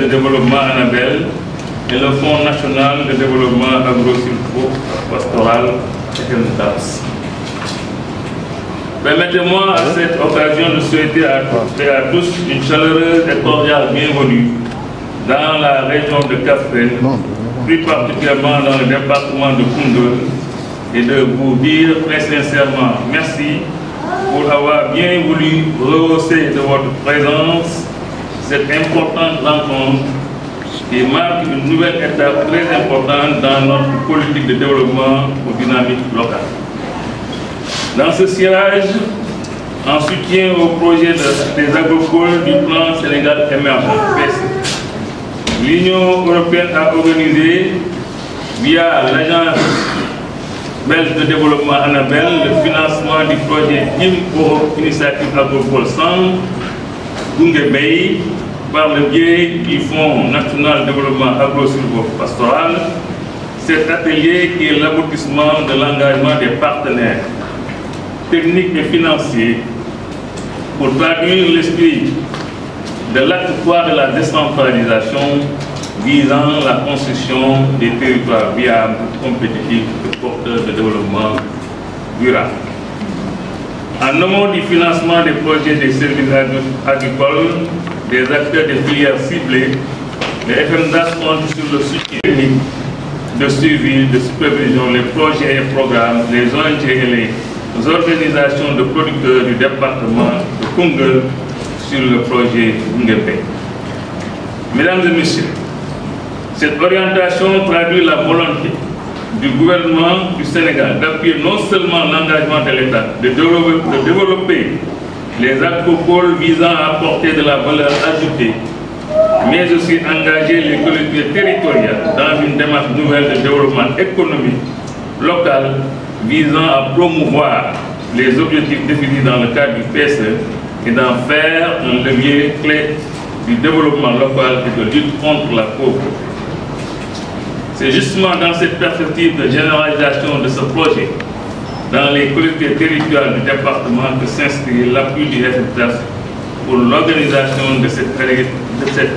de développement Annabelle et le Fonds national de développement agro-silvo-pastoral FMDAPS. Permettez-moi à cette occasion de souhaiter à, à tous une chaleureuse et cordiale bienvenue dans la région de Café, plus particulièrement dans le département de Koundou, et de vous dire très sincèrement merci pour avoir bien voulu rehausser de votre présence cette importante rencontre qui marque une nouvelle étape très importante dans notre politique de développement aux dynamiques locales. Dans ce siège, en soutien au projet des agricoles du plan Sénégal émergent, l'Union européenne a organisé, via l'agence belge de développement Annabelle, le financement du projet pour Initiative Agricole Centre, par le biais du Fonds national de développement agro-silvo-pastoral. Cet atelier qui est l'aboutissement de l'engagement des partenaires techniques et financiers pour traduire l'esprit de l'acte de la décentralisation visant la construction des territoires viables, compétitifs et porteurs de développement durable. En amont du financement des projets des services agricoles, des acteurs des filières ciblées, les FMDAS comptent sur le sujet de suivi, de supervision, les projets et programmes, les ONG et les organisations de producteurs du département de Kungel sur le projet Ngepé. Mesdames et Messieurs, cette orientation traduit la volonté du gouvernement du Sénégal d'appuyer non seulement l'engagement de l'État de développer les acropoles visant à apporter de la valeur ajoutée, mais aussi engager les collectivités territoriales dans une démarche nouvelle de développement économique local visant à promouvoir les objectifs définis dans le cadre du PSE et d'en faire un levier clé du développement local et de lutte contre la pauvreté. C'est justement dans cette perspective de généralisation de ce projet dans les collectivités territoriales du département que s'inscrit l'appui du FFTAS pour l'organisation de, cet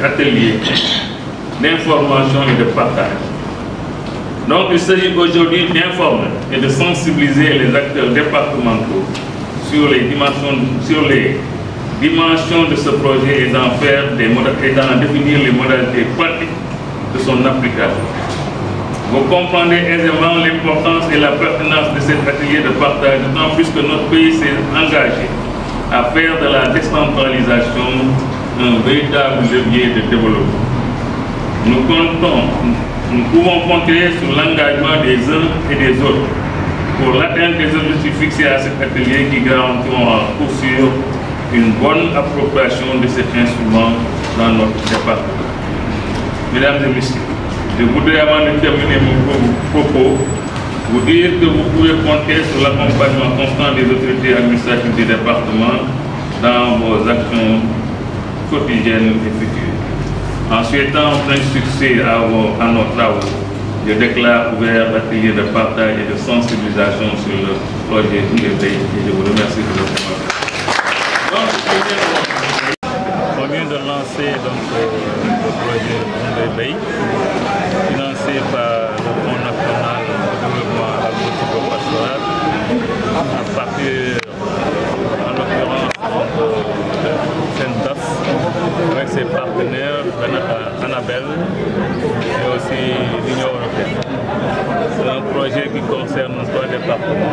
atelier d'information et de partage. Donc il s'agit aujourd'hui d'informer et de sensibiliser les acteurs départementaux sur les dimensions, de ce projet et d'en définir les modalités pratiques de son application. Vous comprenez aisément l'importance et la pertinence de cet atelier de partage, temps, puisque notre pays s'est engagé à faire de la décentralisation un véritable levier de développement. Nous comptons, nous pouvons compter sur l'engagement des uns et des autres pour l'atteinte des objectifs fixés à cet atelier qui garantiront pour sûr une bonne appropriation de cet instrument dans notre département. Mesdames et Messieurs, je voudrais, avant de terminer mon propos, vous dire que vous pouvez compter sur l'accompagnement constant des autorités administratives du département dans vos actions quotidiennes et futures. En souhaitant plein succès à, vos, à nos travaux, je déclare ouvert l'atelier de partage et de sensibilisation sur le projet du et je vous remercie de votre attention. lancé donc, euh, le projet de Bay, financé par le Fonds national de développement de pastoral à partir, en l'occurrence, Centas, avec ses partenaires, Annabelle, et aussi l'Union européenne. C'est un projet qui concerne trois départements.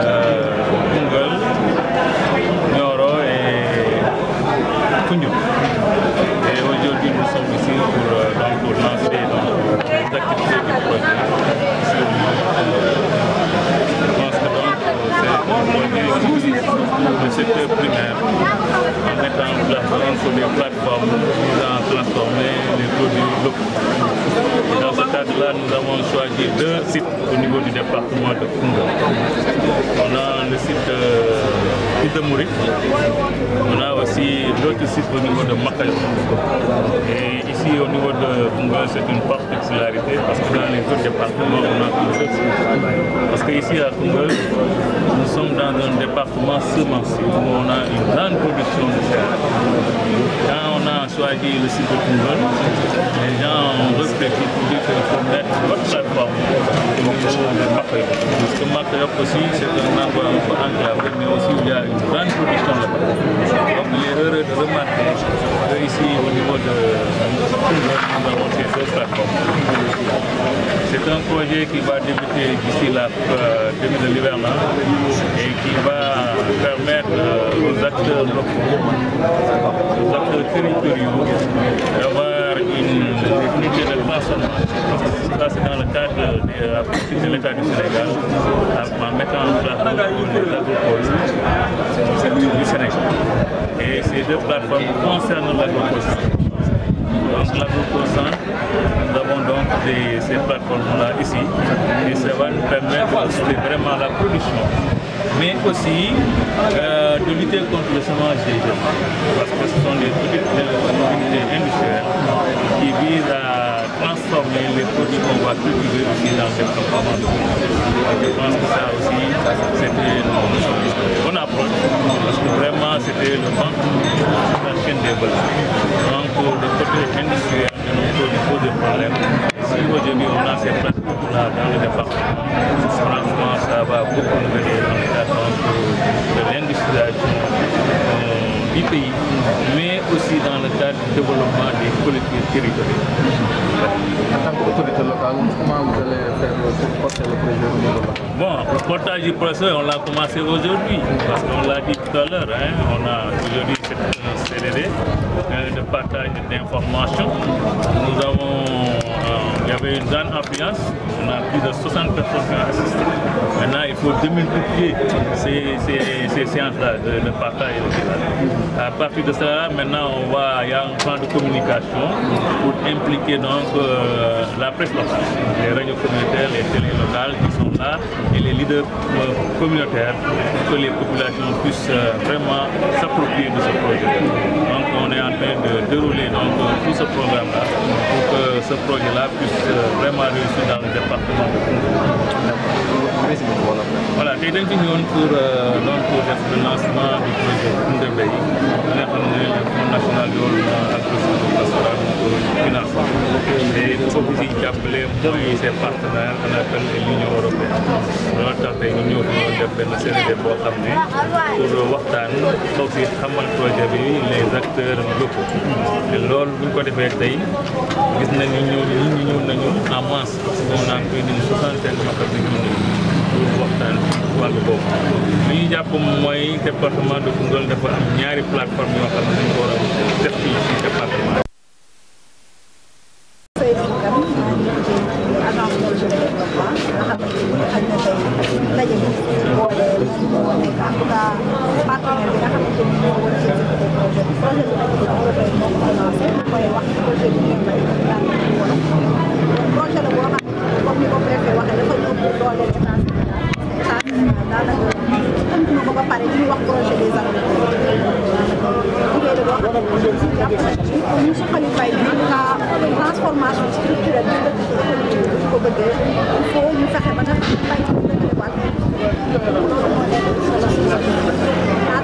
Euh, c'est une particularité parce que dans les autres départements, on a la ça. Parce qu'ici, à monde dans un département semencier où on a une grande production de céréales. Quand on a choisi le site de Toulon, les gens ont réfléchi pour dire qu'il faut mettre votre plateforme au niveau de Parce que aussi, c'est un endroit un peu enclavé, mais aussi où il y a une grande production de céréales. Donc il est heureux de remarquer ici au niveau de Toulon, nous avons ces deux plateformes. C'est un projet qui va débuter d'ici la euh, début de là acteurs locaux, les acteurs territoriaux, d'avoir une unité de trois Ça, c'est dans le cadre de, de l'État du Sénégal, en mettant en place les agropoles, du Sénégal. Et ces deux plateformes concernent l'agropole. Donc la centre, nous avons donc ces plateformes-là ici et ça va nous permettre de vraiment la production, mais aussi euh, pour de lutter contre le chômage des jeunes. Parce que ce sont des petites industrielles qui visent à transformer les produits qu'on va cultiver aussi dans cette compagnie. Je pense que ça aussi, c'était une bonne approche. Parce que vraiment, c'était le ventre de la chaîne des valeurs. Donc, le côté industriel il faut des problèmes. Si aujourd'hui, on a ces pratiques là dans le département. Franchement, ça va beaucoup dans l'état de, l'industrie euh, du pays, mais aussi dans le cadre du développement des politiques territoriales. En tant qu'autorité locale, comment vous allez faire pour porter le projet de niveau Bon, le portage du projet, on l'a commencé aujourd'hui, parce qu'on l'a dit tout à l'heure, hein, on a aujourd'hui cette CDD le euh, de partage d'informations. Nous avons il y avait une grande ambiance, on a plus de 60 personnes qui ont assisté. Maintenant, il faut démultiplier ces, ces séances-là, de, partage À partir de cela, maintenant, on va, il y a un plan de communication pour impliquer donc euh, la presse locale, les radios communautaires, les télé locales qui sont là et les leaders euh, communautaires pour que les populations puissent euh, vraiment s'approprier de ce projet. Donc, on est en train de dérouler donc, tout ce projet ce projet-là puisse euh, vraiment réussir dans le département de Koungheul. voilà tey dañ fi ñëwoon pour euh, donc def le lancement du projet Koundé Mbaye bi nga xam ne Fonds national loolu agriculture pastorale financé mais foofu si jàppale mooy ses partenaires qu'on appelle l'Union européenne loolu tax tey ñu ñëw fi def benn série boo xam ne pour waxtaan soo fi xamal projet bi les acteurs locaux te loolu bu ñu ko defee tey gis nañu ñëw nit ñi ñëw nañu en masse parce que on a plus d'une soixantaine de waxtaan wàll boobu li ñu jàpp mooy département de Koungheul dafa am ñaari plateforme yoo xam ne dañ ko a def fii ci département transformation structurelle bi nga ko bëggee il faut ñu fexe ba nga bay ci benn wàll loolu moo nekk solo si sa naa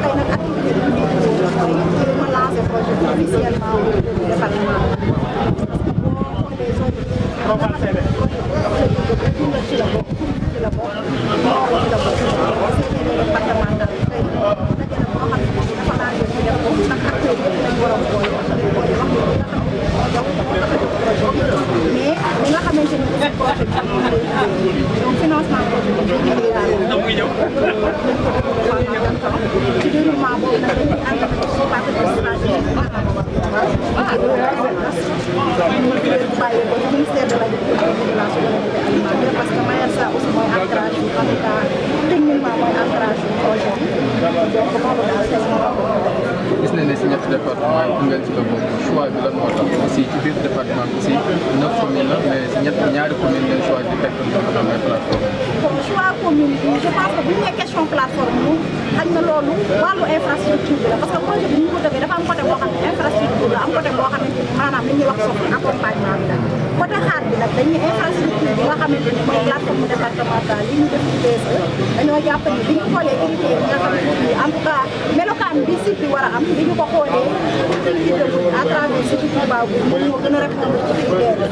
tey nag activité bi ñu ko mooy ma lancé projet officiellement département parce que boo xoolee ci la bokk ci la bokk ci la bokk départemental tey daje na boo xam ne dafa laaj ñu def ko bi nga xamante ni bii porte bi moom lañ koy donc financement boobu ñu ngi liggéey daal moom lañ ko def pendant vingt ans ci déroulement boobu nag dañuy ànd ak participation bi nga xam bàyyi ko ci ministère de l'agriculture de la souveraineté alimentaire parce que Mayelsa aussi mooy ancrage bi en tout cas techniquement mooy ancrage bi projet bi donc moom daal gis nañ ne si ñetti département yi Koungheul ci la bokk choix bi lan moo tax aussi ci biir département bi si neuf communes la mais si ñett ñaari communes ngeen choix di teg comme ay plateforme. comme choix commune bi je pense que bu ñu nee question plateforme moom xaj na loolu wàllu infrastructure bi la parce que projet bi ñu ko defee dafa am côté boo xam ne infrastructure la am côté boo xam ne maanaam li ñuy wax soxla accompagnement bi la côté xaar bi nag dañuy infrastructure bi nga xamante ni mooy plateforme départementale yi ñu def ci DSE dañoo jàpp ni bi ñu xoolee critères yi nga xam ne en tout cas bi site bi war a am bi ñu ko xoolee critère bu à travers surtout Touba gën a rafetlu ci critère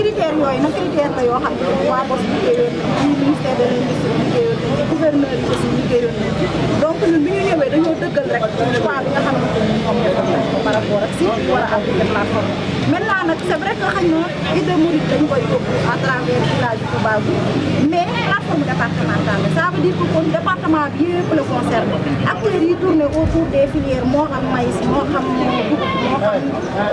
critère yooyu nag critère la yoo xam ne waa bos liggéeyoon ñu ministère de l'industrie liggéeyoon ci gouverneur yi aussi liggéeyoon donc ñun bi ñu ñëwee dañoo dëggal rek choix bi nga xamante ni moom defoon nañ ko par rapport ak site bi war a appliquer plateforme maintenant nag c'est vrai que xëy na idée Mouride dañu koy yóbbu à travers village Touba bu mais plateforme départementale dire que kon département bi yëpp la concerne acteurs yi autour des filières moo xam maïs moo xam moo xam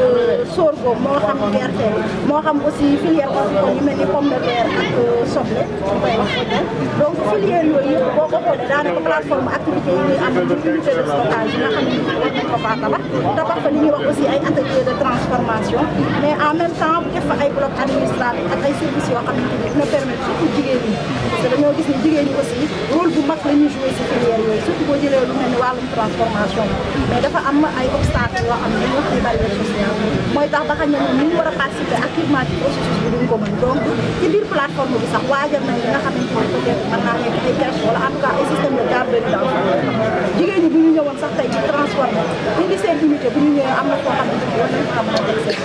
euh, sorgho moo xam gerte moo xam aussi filière horticole yu mel ni pomme de terre ak euh, soble donc filière yooyu boo ko xoolee daanaka plateforme activité yi ñuy am de stockage yi nga xam ne war ko faa tabax tabax fa li ñuy wax aussi ay atelier de transformation mais en même temps bu fa ay bloc administratif ak ay services yoo xam ni jigéen ñi aussi rôle bu mag la ñuy joué si filière yooyu surtout boo jëlee lu mel ni wàllum transformation mais dafa am ay obstacles yoo xam ne dañuy wax ni barrière sociale mooy tax ba xam ne moom ni ñu war a participer activement ci processus bi duñ ko mën donc ci biir plateforme bi sax waajal nañ li nga xam ne mooy peut-être mën naa nekk ay crèche wala en tout cas ay système de garde de l'enfant jigéen ñi bu ñu ñëwoon sax tey ci transformé indi seen unité bu ñu ñëwee am na koo xam ne war nañ fa mën a teg seen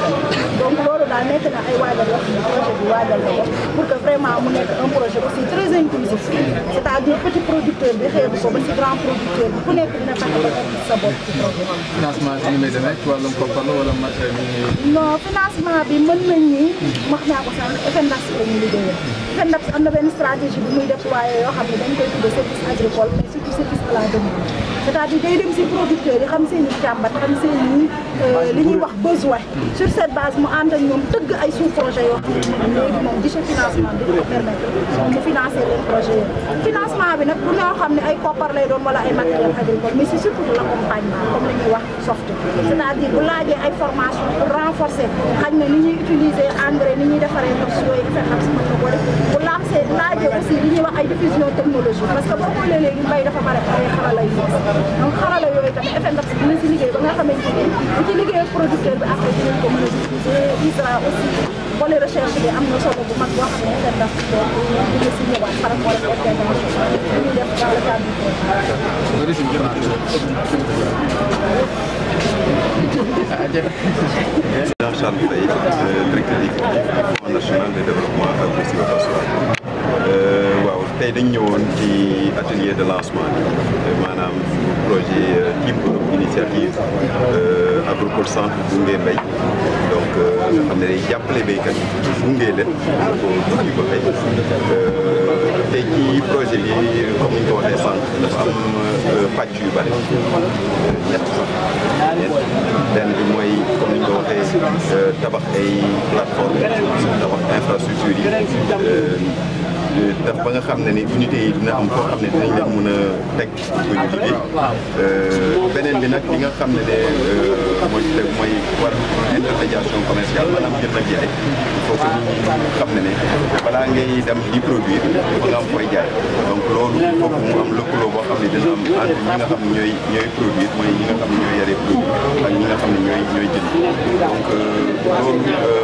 donc loolu daal nekk na ay waajal wax ni projet bi waajal na ko pour que vraiment mu nekk un projet aussi très inclusif c'est-à-dire petit producteur bi xeebu ko ba ci grand producteur bi ku nekk dina fexe ba sa bopp ci projet financement bi ñu lay demee ci wàllum koppar wala matériel non financement bi mën nañ ni wax naa ko a FNDAS la ñu liggéeyal FNDAS am na benn stratégie bu muy déployé yoo xam ne dañ koy tuddee service agricole mais surtout service à c'est-à-dire day dem si producteurs yi xam seen i càmbat xam seen i li ñuy wax besoin sur cette base mu ànd ak ñoom tëgg ay sous projet yoo xam ne léegi moom guichet financement bi ko permettre mu financer les projets yi financement bi nag du ñoo xam ne ay koppar lay doon wala ay matériel agricole mais c'est surtout l'accompagnement comme li ñuy wax soft c'est-à-dire bu laajee ay formation pour renforcer xañ na ni ñuy utiliser engrais ni ñuy defaree tos yooyu fexe xam si mën na ko def bu laajee laajee aussi li ñuy wax ay diffusion technologie parce que boo xoolee léegi mbay dafa bare ay xarala yu donc xarala yooyu tamit effet ndax dina si liggéey ba nga xamante ni bu ci liggéey ak producteur bi après dinañ ko mën a utiliser ISRA aussi volet recherche bi am na solo bu mag boo xam ne effet ndax boobu dina si ñëwaat par rapport ak intervention bi ñuy def dans le cadre du Jean Charles Faye, directeur exécutif du Fonds national de développement agrosilvopastoral eh, tay dañ atelier de lancement euh, maanaam projet euh, initiative euh, centre donc nga xam ne day jàppale béykat pour projet comme ko waxee dafa am comme plateforme tabax infrastructure def ba nga xam ne ni unité yi dina am foo xam ne dinañ leen mën a teg ba ñu liggéey euh, beneen bi nag li nga xam ne de euh, mooy mooy war intermédiation commerciale maanaam jënd ak jaay xam ne ne balaa ngay dem di produire ba nga am koy jaay donc loolu il faut lëkkaloo boo xam ne dina am entre xam ne ñooy ñooy produire mooy ñi nga xam ne ñooy yare produit ak ñi nga xam ne ñooy ñooy donc euh, loolu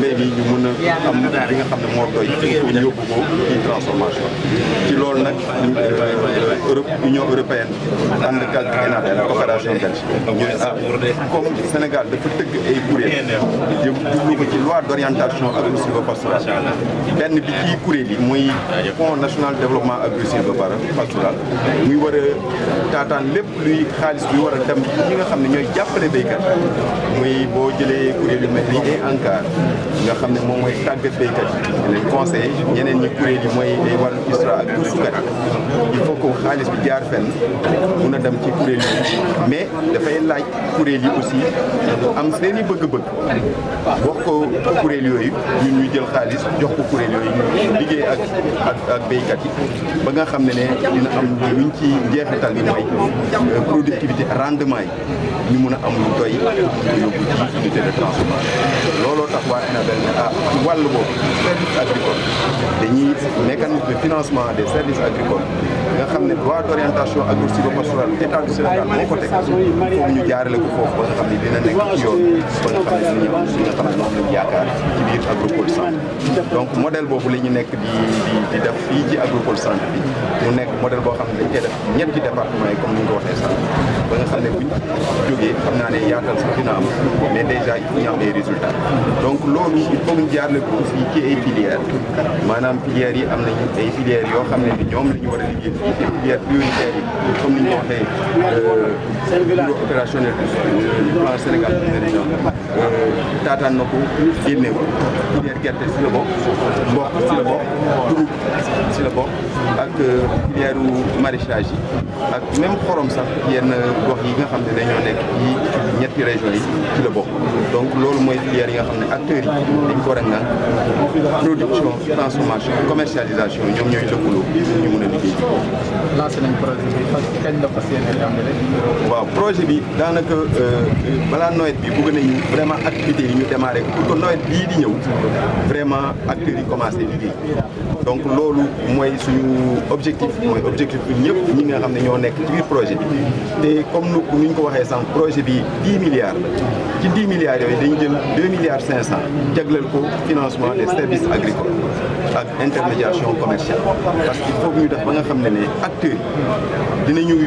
léegi ñu mën a am bi nga xam ne moo doy pour yóbbu ko ci transformation ci loolu nag Europe Union européenne ànd ak ENAB coopération belge ñu ah, comme Sénégal dafa tëgg ay kuréel jëm jublu ko ci loi d'orientation agro-sylvo-pastoral benn bi yi muy Fonds national développement agro-sylvo-pastoral muy war a taataan lépp luy xaalis bi war a dem ñi nga xam ne ñooy jàppale béykat muy boo jëlee kuréel yu mel ni ANCAR nga xam ne moom mooy tàggat béykat yi leen conseil ñeneen ñi yi mooy day wàllu ISRA ak sukat xaalis bi jaar fen mun a dem ci kuréel yi mais dafay laaj kuréel yi aussi am seen i bëgg-bëgg wax ko kuréel yooyu ñun ñu jël xaalis jox ko kuréel yooyu liggéey ak ak ak béykat yi ba nga xam ne ne dina am luñ ci njeexital bi mooy euh, productivité rendement yi ñu mun a am lu doy yóbbu ci unité de transformation sax waa ENABEL ne ah ci wàll boobu service agricole dañuy mécanisme de financement des services agricoles nga xam ne loi d'orientation agro-sylvopastorale état du Sénégal moo ko teg foofu ñu jaarale ko foofu la ñu nekk di di def fii ci agropole centre boo xam ne dañ koy def ko waxee naa ne yaatal sax dina am mais déjà il faut ñu am des résultats donc loolu il faut ñu jaarale ko fii ci ay filières maanaam filières yi am nañu ay filières yoo xam ne ñoom la war a liggéey ci filière prioritaire yi comme ni ñu ko waxee opérationnel du plan Sénégal émergent taataan na ko génne ko filière gerte si la bokk mboq si la bokk dugub si la bokk ak filière uh, maraîchage yi ak même xorom sax yenn gox yi nga xam ne dañoo nekk ci ñetti région yi ci la bokk donc loolu mooy filière yi nga xam ne acteurs yi dañ ko war a production transformation commercialisation ñoom ñooy lëkkaloo ñu mën a liggéey. lancé projet bi kañ la fas yéene euh, balaa nawet bi bëgg nañu vraiment activités yi ñu démarré pour que nawet bii di ñëw vraiment acteurs yi commencé liggéey. donc c'est mooy suñu objectif objectif bi ñi nga projet comme nous avons un projet de 10 milliards 10 milliards dañu 2 milliards 500 le financement des services agricoles avec intermédiation commerciale parce qu'il faut que nous ba nga que nous nous acteurs yi dinañu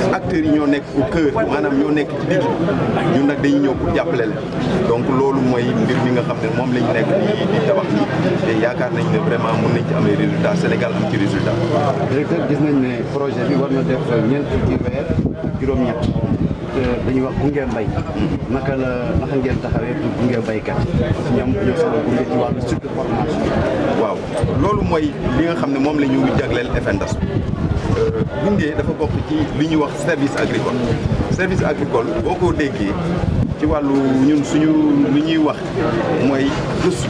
acteurs yi ñoo nekk au cœur maanaam ñoo nekk ci digg ñun nag dañuy ñëw pour jàppale leen donc loolu mooy mbir mi nga xam ne moom lañu nekk di yaakaar nañ ne nañ ci amee résultat Sénégal am gis nañ ne projet bi war def ñeent ci weer juróom-ñett dañuy wax gunge mbay naka la naka ngeen taxawee pour gunge baykat ñoom ñoo soxla gunge ci wàllu surtout formation waaw loolu mooy li nga xam ne moom la ñu jagleel FNDAS Euh, gunge dafa bokk ci li ñuy wax service agricole service agricole boo ko léegi ci wàllu ñun suñu li ñuy wax mooy gëstu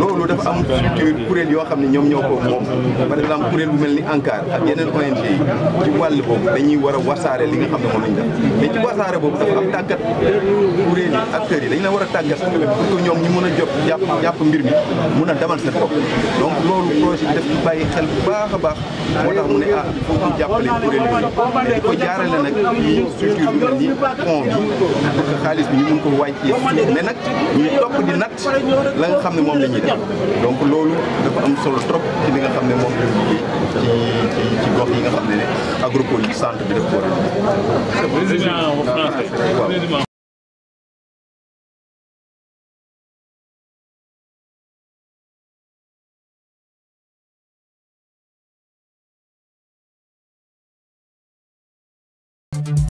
loolu dafa am structure yoo xam ne ñoom ñoo ko moom par exemple kuréel bu mel ni ANCAR ak yeneen ONG yi ci wàll boobu dañuy war a wasaare li nga xam ne moom lañ def mais ci wasaare boobu dafa yi acteurs la war a tàggat pour que ñoom ñu mën a jot jàpp jàpp mbir mi mun a demal seen bopp donc loolu projet bi daf ci bàyyi xel bu baax baax moo tax mu ne ah il faut ñu jàppale kuréel yooyu di ko jaarale nag ci structure ñu ko wàccee mais nag ñuy topp di nat la nga xam ne moom la ñuy def donc loolu dafa am solo trop ci li nga xam ne moom lañ liggéey ci ci gox yi nga xam ne ne agropole centre bi daf ko war a